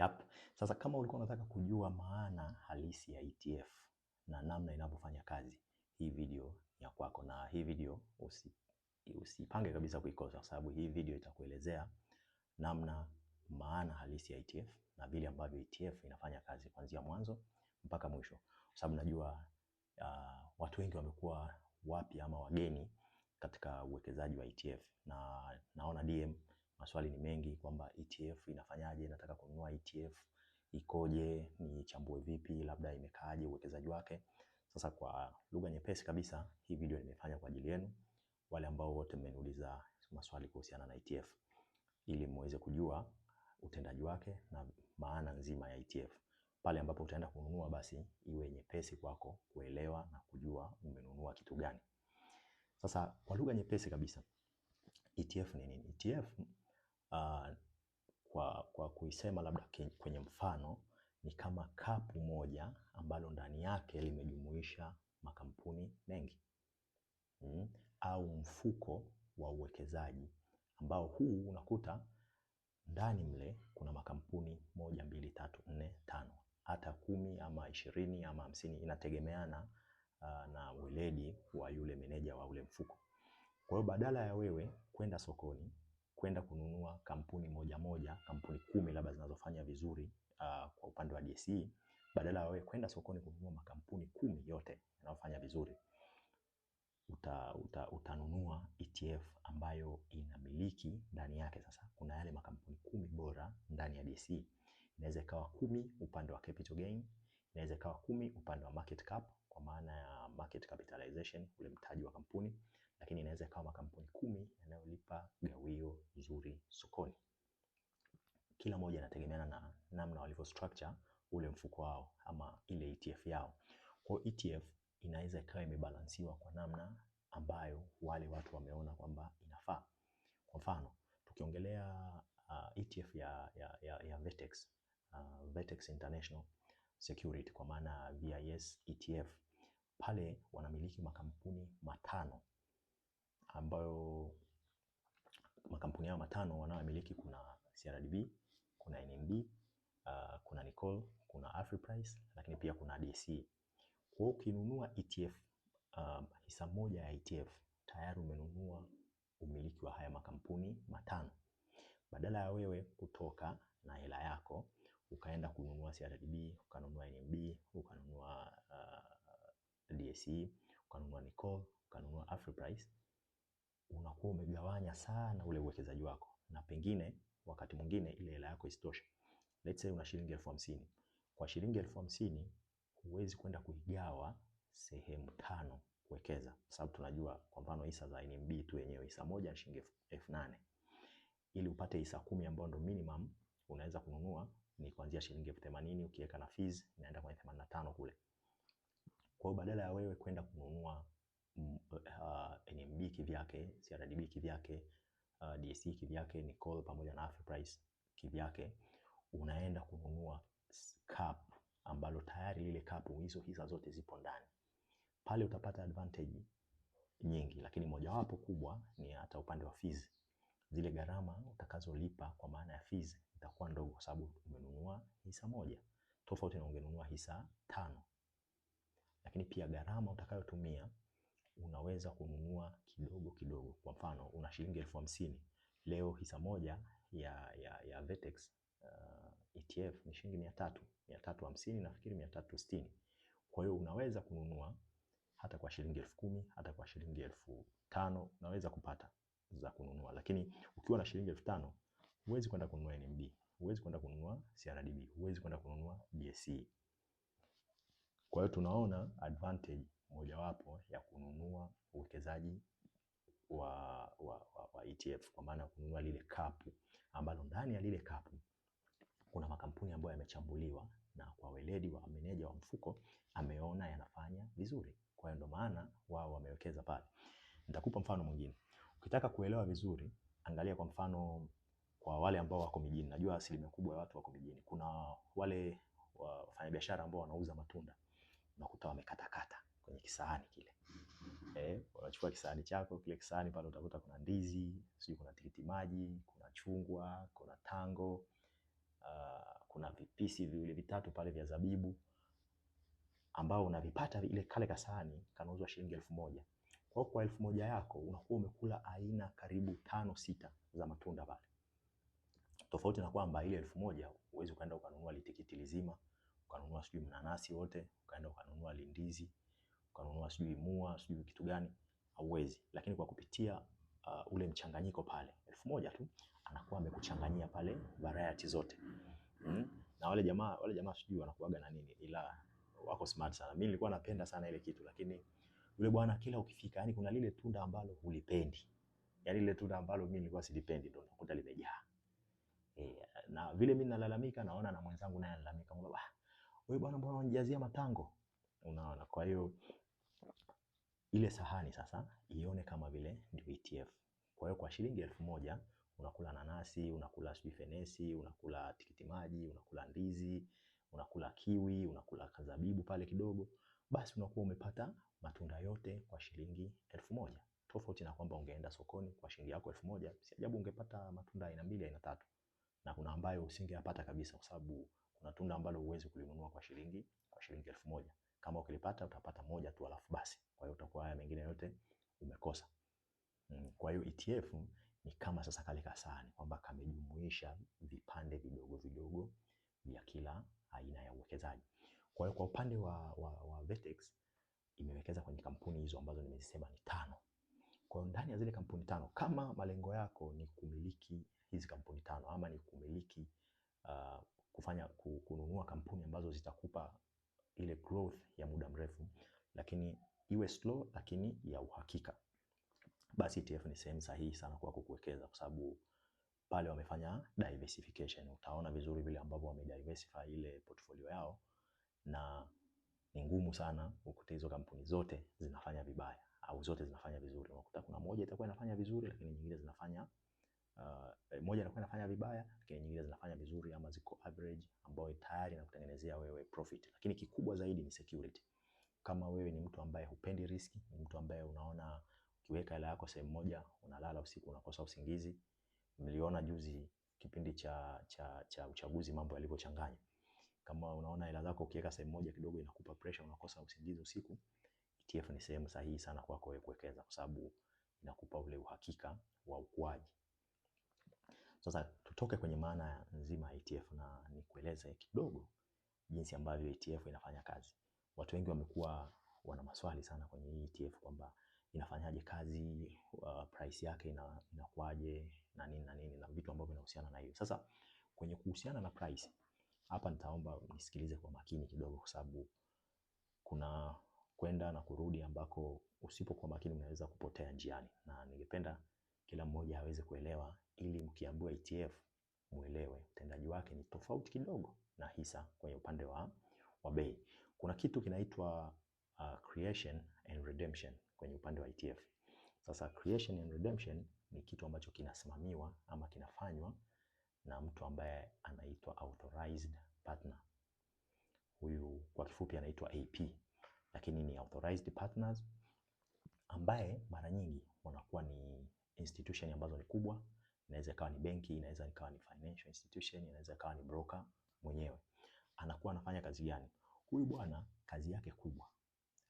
Yep. Sasa kama ulikuwa unataka kujua maana halisi ya ETF na namna inavyofanya kazi, hii video ya kwako, na hii video usi, usipange kabisa kuikosa kwa sababu hii video itakuelezea namna maana halisi ya ETF na vile ambavyo ETF inafanya kazi kuanzia mwanzo mpaka mwisho, kwa sababu najua uh, watu wengi wamekuwa wapya ama wageni katika uwekezaji wa ETF na naona DM maswali ni mengi kwamba ETF inafanyaje, nataka kununua ETF ikoje, nichambue vipi, labda imekaaje, uwekezaji wake. Sasa kwa lugha nyepesi kabisa, hii video nimefanya kwa ajili yenu wale ambao wote mmeniuliza maswali kuhusiana na ETF ili muweze kujua utendaji wake na maana nzima ya ETF. Pale ambapo utaenda kununua, basi iwe nyepesi kwako kuelewa na kujua umenunua kitu gani. Sasa kwa lugha nyepesi kabisa, ETF ni nini? ETF uh, kwa, kwa kuisema labda kwenye mfano ni kama kapu moja ambalo ndani yake limejumuisha makampuni mengi mm, au mfuko wa uwekezaji ambao huu unakuta ndani mle kuna makampuni moja, mbili, tatu, nne, tano hata kumi ama ishirini ama hamsini inategemeana uh, na weledi wa yule meneja wa ule mfuko. Kwa hiyo badala ya wewe kwenda sokoni kwenda kununua kampuni moja moja, kampuni kumi labda zinazofanya vizuri uh, kwa upande wa DSE badala ya wewe kwenda sokoni kununua makampuni kumi yote yanayofanya vizuri uta, uta, utanunua ETF ambayo inamiliki ndani yake. Sasa kuna yale makampuni kumi bora ndani ya DSE, inaweza ikawa kumi upande wa capital gain, inaweza ikawa kumi upande wa market cap, kwa maana ya market capitalization, ule mtaji wa kampuni, lakini inaweza ikawa makampuni kumi yanayolipa gawio nzuri sokoni. Kila moja inategemeana na namna walivyo structure ule mfuko wao ama ile ETF yao. Kwa ETF inaweza ikawa imebalansiwa kwa namna ambayo wale watu wameona kwamba inafaa. Kwa mfano, tukiongelea uh, ETF ya, ya, ya, ya Vetex, uh, Vetex International security kwa maana VIS ETF. Pale wanamiliki makampuni matano ambayo makampuni hayo matano wanayomiliki kuna CRDB, kuna NMB, uh, kuna Nicol, kuna Afriprice lakini pia kuna DC. Kwa hiyo ukinunua ETF um, hisa moja ya ETF tayari umenunua umiliki wa haya makampuni matano, badala ya wewe kutoka na hela yako ukaenda kununua CRDB, ukanunua NMB, ukanunua uh, DSE, ukanunua Nicol, ukanunua Afriprice, unakuwa umegawanya sana ule uwekezaji wako, na pengine wakati mwingine ile hela yako isitoshe. Let's say una shilingi elfu hamsini. Kwa shilingi elfu hamsini huwezi kwenda kuigawa sehemu tano kuwekeza, kwa sababu tunajua kwa mfano hisa za NMB tu yenyewe hisa moja ni shilingi elfu nane ili upate hisa kumi ambayo ndo minimum unaweza kununua ni kuanzia shilingi elfu themanini ukiweka na fees inaenda kwenye 85 kule. Kwa hiyo badala ya wewe kwenda kununua uh, mm, eh, eh, NMB kivyake, CRDB kivyake, uh, eh, DSE kivyake, Nicol pamoja na Afriprice kivyake, unaenda kununua cap ambalo tayari lile cap hizo hisa zote zipo ndani. Pale utapata advantage nyingi, lakini mojawapo kubwa ni hata upande wa fees. Zile gharama utakazolipa kwa maana ya fees itakuwa ndogo kwa sababu ungenunua hisa moja tofauti na ungenunua hisa tano. Lakini pia gharama utakayotumia unaweza kununua kidogo kidogo. Kwa mfano una shilingi elfu hamsini leo hisa moja ya, ya, ya Vertex uh, ETF ni shilingi mia tatu mia tatu hamsini nafikiri mia tatu sitini Kwa hiyo unaweza kununua hata kwa shilingi elfu kumi hata kwa shilingi elfu tano unaweza kupata za kununua, lakini ukiwa na shilingi elfu tano huwezi kwenda kununua NMB huwezi kwenda kununua CRDB, huwezi kwenda kununua DSE. Kwa hiyo tunaona advantage mojawapo ya kununua uwekezaji wa, wa, wa, wa ETF kwa maana ya kununua lile kapu ambalo ndani ya lile kapu kuna makampuni ambayo yamechambuliwa na kwa weledi wa meneja wa mfuko ameona yanafanya vizuri. Kwa hiyo ndio maana wao wamewekeza pale. Nitakupa mfano mwingine. Ukitaka kuelewa vizuri, angalia kwa mfano kwa wale ambao wako mijini. Najua asilimia kubwa ya watu wako mijini. Kuna wale wafanyabiashara ambao wanauza matunda unakuta wamekatakata kwenye kisahani kile. Eh, unachukua kisahani chako kile kisahani pale utakuta kuna ndizi, sijui kuna tikiti maji, kuna chungwa, kuna tango, uh, kuna vipisi viwili vitatu pale vya zabibu ambao unavipata ile kale kasahani kanauzwa shilingi elfu moja. Kwa kwa elfu moja yako unakuwa umekula aina karibu tano sita za matunda pale tofauti na kwamba ile elfu moja uwezi ukaenda ukanunua litikiti lizima, ukanunua sijui mnanasi wote, ukaenda ukanunua lindizi, ukanunua sijui mua, sijui kitu gani, hauwezi. Lakini kwa kupitia uh, ule mchanganyiko pale elfu moja tu anakuwa amekuchanganyia pale variety zote mm. Na wale jamaa wale jamaa sijui wanakuaga na nini, ila wako smart sana. Mimi nilikuwa napenda sana ile kitu, lakini yule bwana kila ukifika, yani kuna lile tunda ambalo ulipendi, yani lile tunda ambalo mimi nilikuwa silipendi ndo nakuta limejaa Eh, na vile mimi nalalamika naona na mwenzangu naye analalamika kwamba ah, wewe bwana, mbona unajazia matango? Unaona, kwa hiyo ile sahani sasa ione kama vile ndio ETF. Kwa hiyo kwa shilingi elfu moja unakula nanasi, unakula sijui fenesi, unakula tikiti maji, unakula ndizi, unakula kiwi, unakula kazabibu pale kidogo, basi unakuwa umepata matunda yote kwa shilingi elfu moja tofauti na kwamba ungeenda sokoni kwa shilingi yako elfu moja si ajabu ungepata matunda aina mbili aina tatu na kuna ambayo usingeyapata kabisa, kwa sababu kuna tunda ambalo huwezi kulinunua kwa shilingi kwa shilingi elfu moja. Kama ukilipata utapata moja tu alafu basi, kwa hiyo utakuwa haya mengine yote umekosa. Mm, kwa hiyo ETF ni kama sasa kale kasani kwamba kamejumuisha vipande vidogo vidogo vya kila aina ya uwekezaji. Kwa hiyo kwa upande wa, wa, wa Vertex imewekeza kwenye kampuni hizo ambazo nimezisema ni tano. Kwa ndani ya zile kampuni tano, kama malengo yako ni kumiliki hizi kampuni tano ama ni kumiliki uh, kufanya kununua kampuni ambazo zitakupa ile growth ya muda mrefu, lakini iwe slow lakini ya uhakika, basi ETF ni sehemu sahihi sana kwako kuwekeza, kwa sababu pale wamefanya diversification. Utaona vizuri vile ambavyo wamediversify ile portfolio yao, na ni ngumu sana ukute hizo kampuni zote zinafanya vibaya au zote zinafanya vizuri. Unakuta kuna moja itakuwa inafanya vizuri lakini nyingine zinafanya uh, eh, moja inakuwa inafanya vibaya lakini nyingine zinafanya vizuri ama ziko average, ambayo tayari inakutengenezea wewe profit. Lakini kikubwa zaidi ni security. Kama wewe ni mtu ambaye hupendi riski, ni mtu ambaye unaona ukiweka hela yako sehemu moja unalala usiku unakosa usingizi. Mliona juzi kipindi cha, cha, cha uchaguzi mambo yalivyochanganya. Kama unaona hela zako ukiweka sehemu moja kidogo inakupa pressure, unakosa usingizi usiku, ETF ni sehemu sahihi sana kwako wewe kuwekeza kwa sababu inakupa ule uhakika wa ukuaji. Sasa tutoke kwenye maana nzima ya ETF na nikueleze kidogo jinsi ambavyo ETF inafanya kazi. Watu wengi wamekuwa wana maswali sana kwenye hii ETF kwamba inafanyaje kazi, uh, price yake ina, inakuaje na nini na nini na vitu ambavyo vinahusiana na hiyo. Sasa kwenye kuhusiana na price hapa nitaomba nisikilize kwa makini kidogo kwa sababu kuna kwenda na kurudi ambako usipokuwa makini unaweza kupotea njiani, na ningependa kila mmoja aweze kuelewa, ili mkiambiwa ETF muelewe utendaji wake ni tofauti kidogo na hisa kwenye upande wa, wa bei. Kuna kitu kinaitwa uh, creation and redemption kwenye upande wa ETF. Sasa creation and redemption ni kitu ambacho kinasimamiwa ama kinafanywa na mtu ambaye anaitwa authorized partner. Huyu kwa kifupi anaitwa AP lakini ni authorized partners ambaye mara nyingi wanakuwa ni institution ambazo ni kubwa, inaweza ikawa ni benki, inaweza ikawa ni financial institution, inaweza ikawa ni broker mwenyewe. Anakuwa anafanya kazi gani? Huyu bwana kazi yake kubwa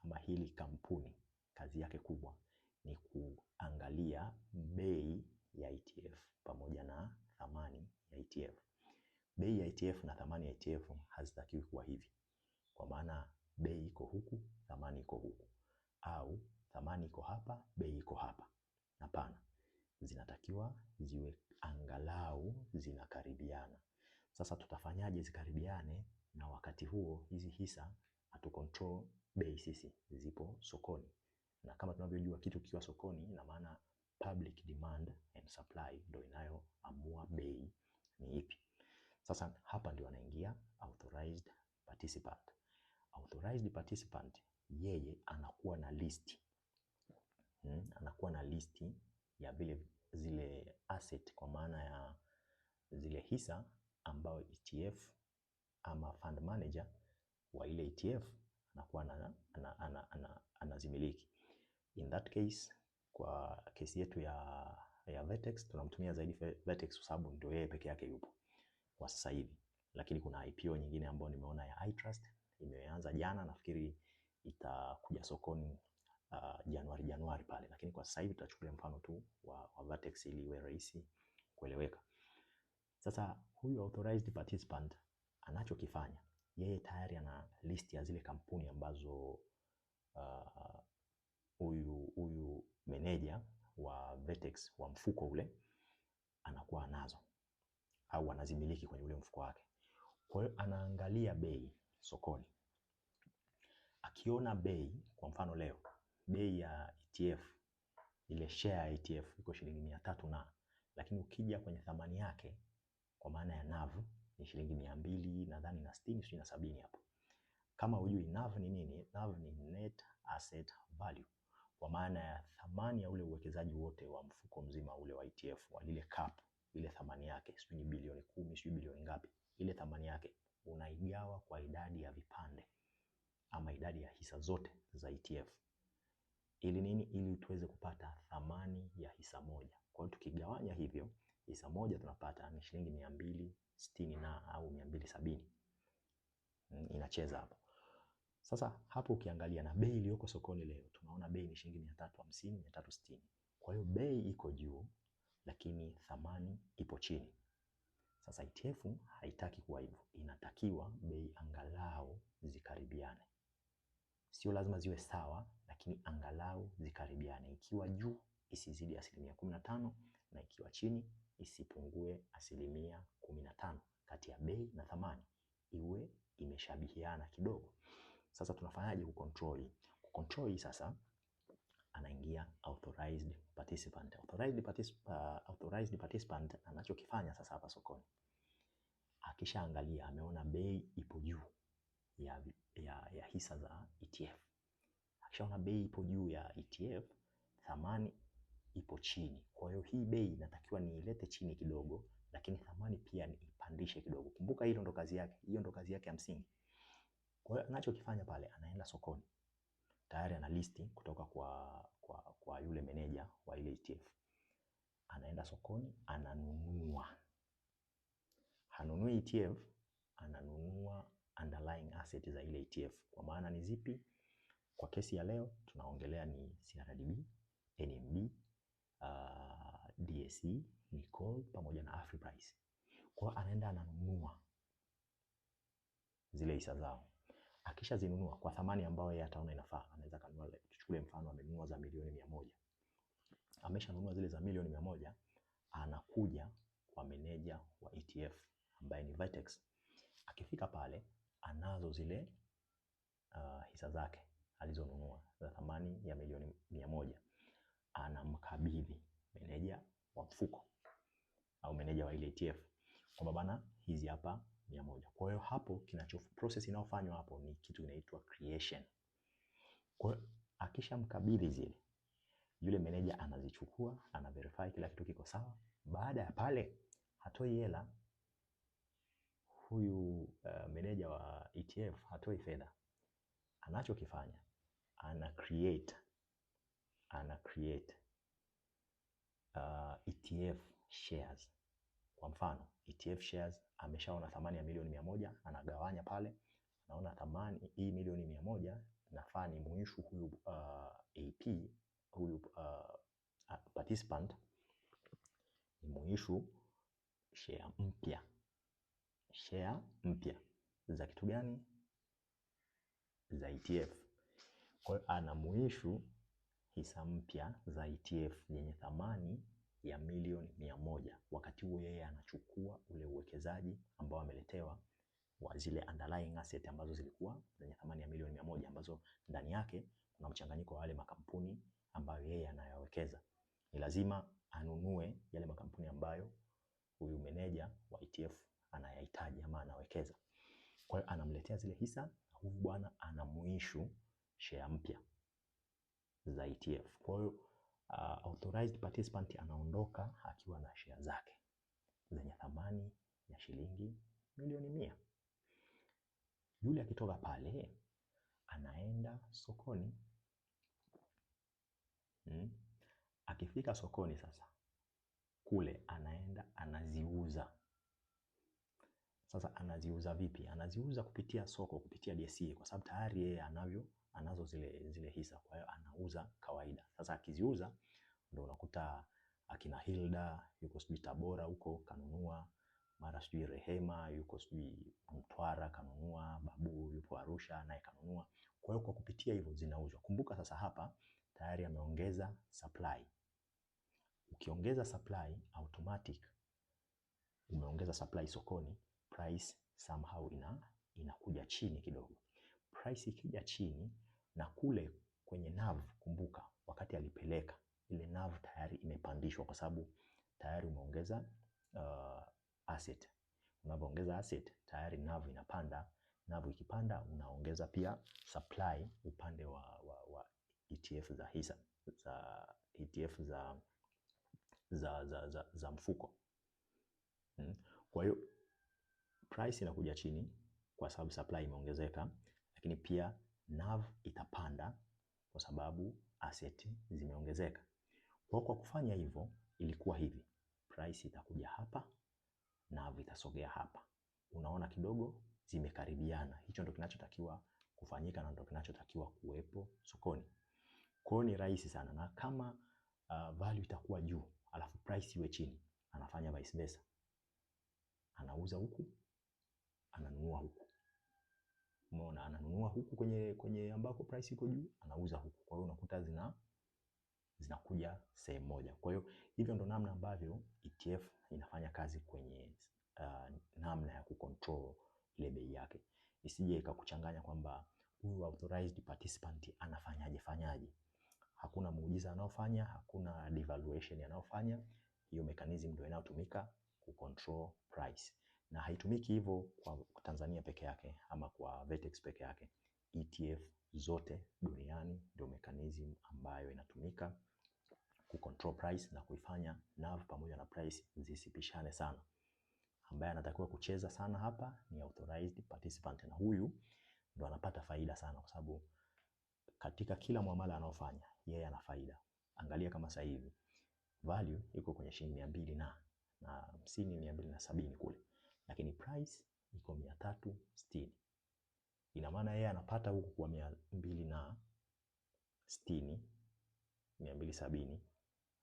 ama hili kampuni kazi yake kubwa ni kuangalia bei ya ETF pamoja na thamani ya ETF. Bei ya ETF na thamani ya ETF hazitakiwi kuwa hivi, kwa maana bei iko huku, thamani iko huku, au thamani iko hapa, bei iko hapa. Hapana, zinatakiwa ziwe angalau zinakaribiana. Sasa tutafanyaje zikaribiane? Na wakati huo hizi hisa hatu control bei sisi, zipo sokoni, na kama tunavyojua kitu kikiwa sokoni, ina maana public demand and supply ndio inayoamua bei ni ipi. Sasa hapa ndio anaingia authorized participant. Authorized participant yeye anakuwa na listi hmm, anakuwa na listi ya vile zile asset kwa maana ya zile hisa ambayo ETF ama fund manager wa ile ETF anakuwa anazimiliki ana, ana, ana, ana, ana in that case kwa kesi yetu ya, ya Vertex tunamtumia zaidi Vertex kwa sababu ndio yeye peke yake yupo kwa sasa hivi, lakini kuna IPO nyingine ambayo nimeona ya iTrust imeanza jana, nafikiri itakuja sokoni uh, Januari Januari pale, lakini kwa sasa hivi tutachukulia mfano tu wa, wa Vertex ili iwe rahisi kueleweka. Sasa huyu authorized participant anachokifanya yeye tayari ana list ya zile kampuni ambazo ah, huyu uh, meneja wa Vertex wa mfuko ule anakuwa anazo au anazimiliki kwenye ule mfuko wake. Kwa hiyo anaangalia bei sokoni, akiona bei, kwa mfano leo bei ya ETF ile share ya ETF iko shilingi mia tatu na, lakini ukija kwenye thamani yake kwa maana ya NAV ni shilingi mia mbili nadhani na sitini sijui na sabini hapo. Kama hujui NAV ni nini, NAV ni net asset value, kwa maana ya thamani ya ule uwekezaji wote wa mfuko mzima ule wa ETF wa lile cap, ile thamani yake sijui ni bilioni kumi sijui bilioni ngapi, ile thamani yake unaigawa kwa idadi ya vipande ama idadi ya hisa zote za ETF ili nini? Ili tuweze kupata thamani ya hisa moja. Kwa hiyo tukigawanya hivyo hisa moja tunapata ni shilingi mia mbili sitini na au mia mbili sabini mm, inacheza hapo. Sasa hapo ukiangalia na bei iliyoko sokoni leo tunaona bei ni shilingi mia tatu hamsini mia tatu sitini Kwa hiyo bei iko juu, lakini thamani ipo chini. Sasa ETF haitaki kuwa hivyo, inatakiwa bei angalau zikaribiane. Sio lazima ziwe sawa, lakini angalau zikaribiane. Ikiwa juu isizidi asilimia kumi na tano na ikiwa chini isipungue asilimia kumi na tano kati ya bei na thamani, iwe imeshabihiana kidogo. Sasa tunafanyaje kucontrol? Kucontrol sasa anaingia authorized participant. Authorized, particip uh, authorized participant anachokifanya sasa hapa sokoni, akishaangalia ameona bei ipo juu ya, ya, ya hisa za ETF. Akishaona bei ipo juu ya ETF, thamani ipo chini. Kwa hiyo hii bei natakiwa niilete chini kidogo, lakini thamani pia niipandishe kidogo. Kumbuka hilo ndo kazi yake, hiyo ndo kazi yake ya msingi. Kwa hiyo anachokifanya pale, anaenda sokoni tayari ana listi kutoka kwa, kwa kwa yule meneja wa ile ETF. Anaenda sokoni ananunua, hanunui ETF, ananunua underlying asset za ile ETF. Kwa maana ni zipi? Kwa kesi ya leo tunaongelea ni CRDB, NMB, uh, DSE, Nicol pamoja na Afriprice. Kwa anaenda ananunua zile hisa zao akishazinunua kwa thamani ambayo yeye ataona inafaa, anaweza kanunua, tuchukulie mfano amenunua za milioni mia moja. Ameshanunua zile za milioni mia moja, anakuja kwa meneja wa ETF ambaye ni Vitex. Akifika pale anazo zile uh, hisa zake alizonunua za thamani ya milioni mia moja, anamkabidhi meneja wa mfuko au meneja wa ile ETF kwamba bana, hizi hapa mia moja. Kwa hiyo hapo kinacho process inayofanywa hapo ni kitu kinaitwa creation. Kwa hiyo akishamkabidhi zile, yule meneja anazichukua, ana verify kila kitu kiko sawa. Baada ya pale hatoi hela huyu uh, meneja wa ETF hatoi fedha. Anachokifanya ana create ana create uh, eh, ETF shares kwa mfano, ETF shares ameshaona thamani ya milioni mia moja, anagawanya pale, anaona thamani hii milioni mia moja nafaa ni muishu huyu uh, AP huyu uh, uh, participant ni muishu share mpya, share mpya za kitu gani? Za ETF. Kwa hiyo anamuishu hisa mpya za ETF yenye thamani ya milioni mia moja. Wakati huo yeye anachukua ule uwekezaji ambao ameletewa wa zile underlying asset ambazo zilikuwa zenye thamani ya milioni mia moja ambazo ndani yake kuna mchanganyiko wa wale makampuni ambayo yeye anayowekeza. Ni lazima anunue yale makampuni ambayo huyu meneja wa ETF anayahitaji ama anawekeza. Kwa hiyo anamletea zile hisa na huyu bwana anamuishu share mpya za ETF. Kwa hiyo uh, authorized participant anaondoka akiwa na share zake zenye thamani ya shilingi milioni mia. Yule akitoka pale anaenda sokoni hmm. Akifika sokoni sasa, kule anaenda anaziuza. Sasa anaziuza vipi? Anaziuza kupitia soko, kupitia DSE kwa sababu tayari yeye anavyo anazo zile, zile hisa, kwa hiyo anauza kawaida. Sasa akiziuza ndo unakuta akina Hilda yuko sijui Tabora huko kanunua, mara sijui Rehema yuko sijui Mtwara kanunua, Babu yupo Arusha naye kanunua. Kwa hiyo kwa kupitia hivyo zinauzwa. Kumbuka sasa hapa tayari ameongeza supply. Ukiongeza supply automatic umeongeza supply sokoni, price somehow ina inakuja chini kidogo price ikija chini na kule kwenye NAV, kumbuka wakati alipeleka ile NAV tayari imepandishwa kwa sababu tayari umeongeza uh, asset. Unapoongeza asset tayari NAV inapanda. NAV ikipanda unaongeza pia supply upande wa, wa, wa ETF za hisa za ETF za, za, za, za, za mfuko hmm. Kwa hiyo price inakuja chini kwa sababu supply imeongezeka, lakini pia NAV itapanda kwa sababu asset zimeongezeka. Kwa kwa kufanya hivyo, ilikuwa hivi, price itakuja hapa, NAV itasogea hapa. Unaona kidogo zimekaribiana. Hicho ndo kinachotakiwa kufanyika na ndo kinachotakiwa kuwepo sokoni. Kwa hiyo ni rahisi sana, na kama uh, value itakuwa juu alafu price iwe chini, anafanya vice versa, anauza huku, ananunua huku umeona, ananunua huku kwenye kwenye ambako price iko mm. juu, anauza huku, kwa hiyo unakuta zina zinakuja sehemu moja. Kwa hiyo hivyo ndo namna ambavyo ETF inafanya kazi kwenye uh, namna ya kucontrol ile bei yake, isije ikakuchanganya kwamba huyu authorized participant anafanyaje fanyaje. Hakuna muujiza anaofanya, hakuna devaluation anaofanya. Hiyo mechanism ndio inayotumika kucontrol price na haitumiki hivyo kwa Tanzania peke yake ama kwa Vertex peke yake. ETF zote duniani ndio mechanism ambayo inatumika ku control price na kuifanya NAV pamoja na price zisipishane sana. Ambaye anatakiwa kucheza sana hapa ni authorized participant, na huyu ndo anapata faida sana, kwa sababu katika kila muamala anaofanya yeye ana faida. Angalia kama sasa hivi value iko kwenye shilingi mia mbili na na hamsini mia mbili na sabini kule lakini price iko mia tatu sitini. Ina maana yeye anapata huku kwa mia mbili na sitini, mia mbili sabini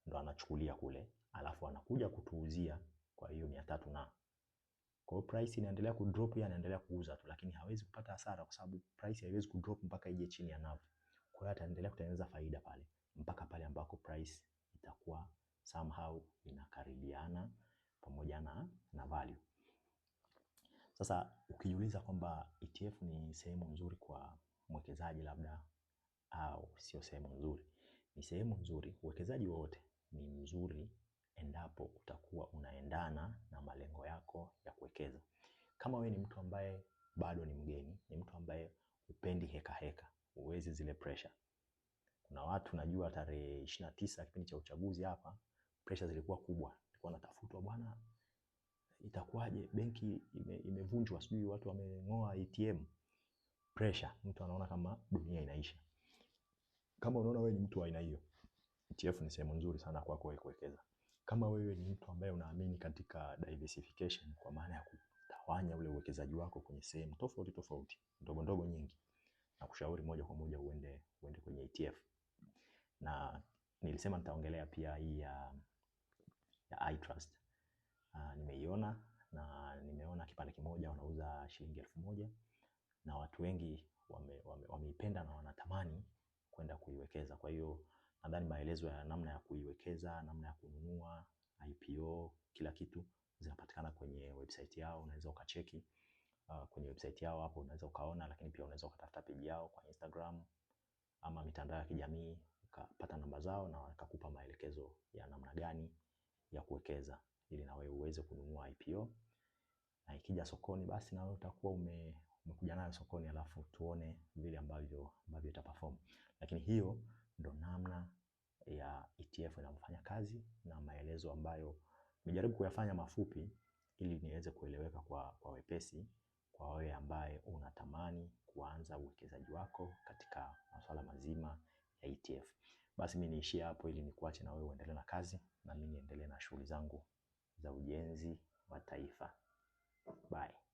ndo anachukulia kule, alafu anakuja kutuuzia kwa hiyo mia tatu na kwa hiyo price inaendelea ku drop, yeye anaendelea kuuza tu, lakini hawezi kupata hasara kwa sababu price haiwezi ku drop mpaka ije chini ya NAV. Kwa hiyo ataendelea kutengeneza faida pale mpaka pale ambako price itakuwa somehow inakaribiana pamoja na, na value. Sasa ukijiuliza kwamba ETF ni sehemu nzuri kwa mwekezaji labda au sio sehemu nzuri, ni sehemu nzuri. Uwekezaji wowote ni mzuri endapo utakuwa unaendana na malengo yako ya kuwekeza. Kama wewe ni mtu ambaye bado ni mgeni, ni mtu ambaye upendi heka heka, uwezi zile pressure. Kuna watu najua tarehe ishirini na tisa kipindi cha uchaguzi hapa, pressure zilikuwa kubwa, nilikuwa natafutwa bwana itakuwaje benki ime, imevunjwa sijui watu wameng'oa ATM. Pressure, mtu anaona kama dunia inaisha. Kama unaona wewe ni mtu wa aina hiyo, ETF ni sehemu nzuri sana kwako wewe kuwekeza. Kama wewe ni mtu ambaye unaamini katika diversification, kwa maana ya kutawanya ule uwekezaji wako kwenye sehemu tofauti tofauti ndogo ndogo nyingi, na kushauri moja kwa moja uende uende kwenye ETF. Na nilisema nitaongelea pia hii ya ya iTrust uh, nimeiona na nimeona kipande kimoja wanauza shilingi elfu moja na watu wengi wameipenda wame, wame na wanatamani kwenda kuiwekeza. Kwa hiyo nadhani maelezo ya namna ya kuiwekeza, namna ya kununua IPO, kila kitu zinapatikana kwenye website yao, unaweza ukacheki uh, kwenye website yao hapo unaweza ukaona, lakini pia unaweza ukatafuta peji yao kwa Instagram ama mitandao ya kijamii ukapata namba zao na wakakupa maelekezo ya namna gani ya kuwekeza ili na wewe uweze kununua IPO, na ikija sokoni basi na wewe utakuwa ume, umekuja nayo sokoni, alafu tuone vile ambavyo ambavyo itaperform. Lakini hiyo ndo namna ya ETF inavyofanya kazi na maelezo ambayo nimejaribu kuyafanya mafupi ili niweze kueleweka kwa, kwa wepesi kwa wewe ambaye unatamani kuanza uwekezaji wako katika masuala mazima ya ETF. Basi mimi niishie hapo ili nikuache na wewe uendelee na kazi na mimi niendelee na shughuli zangu za ujenzi wa taifa. Bye.